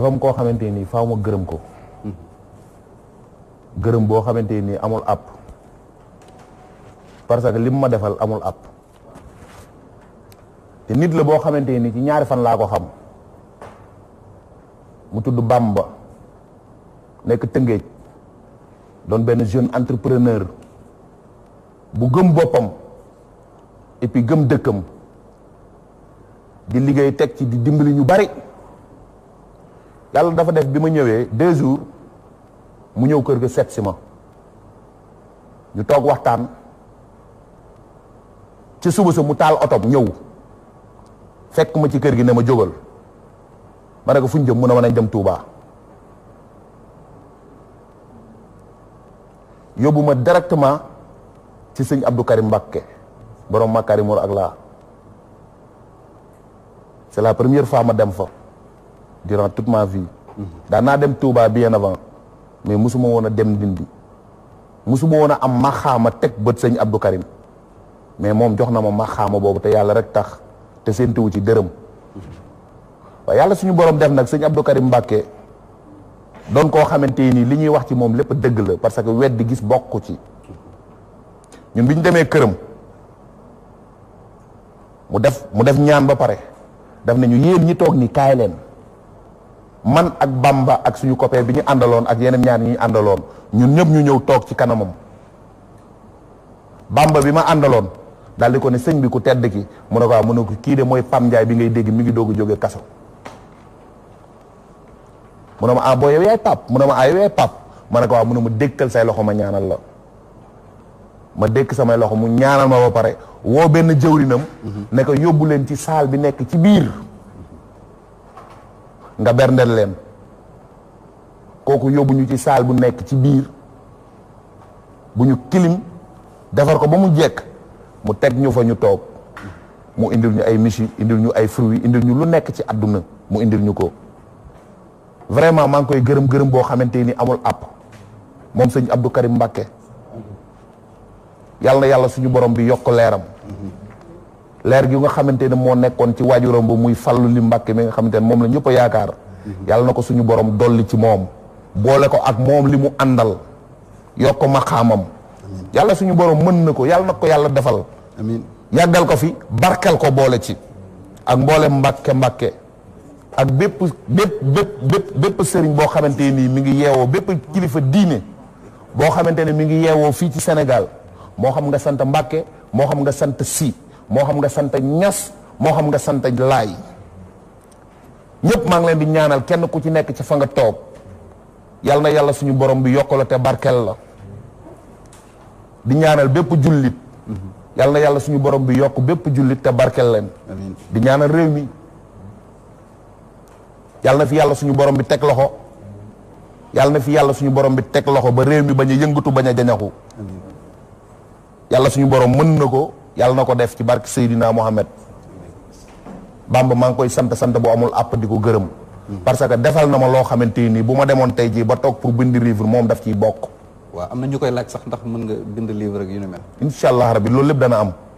dafa am koo xamante nii faaw ma gërëm ko gërëm boo xamante nii amul app parce que li ma defal amul app te nit la boo xamante nii ci ñaari fan laa ko xam mu tudd ba nekk Tëngéej doon benn jeune entrepreneur bu gëm boppam et gëm dëkkam di liggéey teg ci di dimbali ñu bari yàlla dafa def bi ma ñëwee deux mu ñëw kër gi seet si ma ñu toog waxtaan ci suba sa mu taal otom ñëw fekk ma ci kër gi ne ma jógal ma ne ko fu jëm mu a ma nañ dem Touba yóbbu ma directement ci sëñ Abdou Karim Mbakke borom ma Karimor ak laa c'est la première fois ma dem fa. durant toute ma vie. daan naa dem Touba bien avant mais mosuma woon a dem Ndindi mosuma woon a am maxaama teg bët sëñ Abdou Karim mais moom jox na ma maxaama boobu te yàlla rek tax te séentuwu ci dërëm waaye yàlla suñu borom def nag sëñ Abdou Karim Mbàkke doon koo xamante ni li ñuy wax ci moom lépp dëgg la parce que weddi gis bokku ci ñun bi ñu demee këram mu def mu def ñaan ba pare daf nañu yéen ñi toog ni kaay leen man ak Bamba ak suñu copain bi ñu àndaloon ak yeneen ñaan ñi àndaloon ñun ñëpp ñu ñëw toog ci kanamam Bamba bi ma àndaloon daal di ko ne sëñ bi ku tedd ki mu ne ko waaw mu ko kii de mooy Pam njaay bi ngay dégg mi ngi doog a jóge kaso mu a ma ah boo yow yaay pap mu ne ma ah yow yaay pap ma ne ko waaw mu ma dékkal say loxo ma ñaanal la ma dékk samay loxo mu ñaanal ma ba pare woo benn jëwrinam mhm. ne ko yóbbu leen ci saal bi nekk ci biir nga berndeel leen kooku yóbbu ñu ci saal bu nekk ci biir bu ñu kilim defar ko ba mu jekk mu teg ñu fa ñu toog mu indil ñu ay michi indil ñu ay fruits indil ñu lu nekk ci àdduna mu indil ñu ko vraiment maa ngi koy gërëm gërëm boo xamante ni amul àpp moom sëñ Abdou Karim Mbacké yàlla na yàlla suñu borom bi yokk leeram leer gi nga xamante ne moo nekkoon ci waajuram ba muy fallu li mbàkke mi nga xamante ni moom la ñëpp a yaakaar mhm. yàlla na ko suñu borom dolli ci moom boole ko ak moom li mu àndal yokk ko maqaamam yàlla suñu borom mën na ko yàlla na ko yàlla defal amiin yàggal ko fi barkel ko boole ci ak mboole mbàkke mbàkke ak bépp bépp bépp bépp bépp sëriñ boo xamante nii mi ngi yeewoo bépp kilifa diine boo xamante ne mi ngi yeewoo fii ci senegal moo xam nga sant mbàkke moo xam nga sant si moo xam nga sant ñas moo xam nga sant laay ñëpp maa ngi leen di ñaanal kenn ku ci nekk ci fa nga toog yal na yàlla suñu borom bi yokk la te barkeel la di ñaanal bépp jullit mm-hmm. yal na yàlla suñu borom bi yokk bépp jullit te barkeel leen ñaanal réew mi yal na fi yàlla suñu borom bi teg loxo yal na fi yàlla suñu borom bi teg loxo ba réew mi bañ a yëngatu bañ a jañaxu yàlla suñu borom mën na ko yàlla na ko def ci bark Seydina Mohamed Bamba maa ngi koy sant sant bu amul àpp di ko gërëm. parce que defal na ma loo xamante ni bu ma demoon tey jii ba toog pour bind livre moom daf ciy bokk. waa am na ñu koy laaj sax ndax mën nga bind livre ak yu ni mel. incha allah rabi loolu lépp dana am.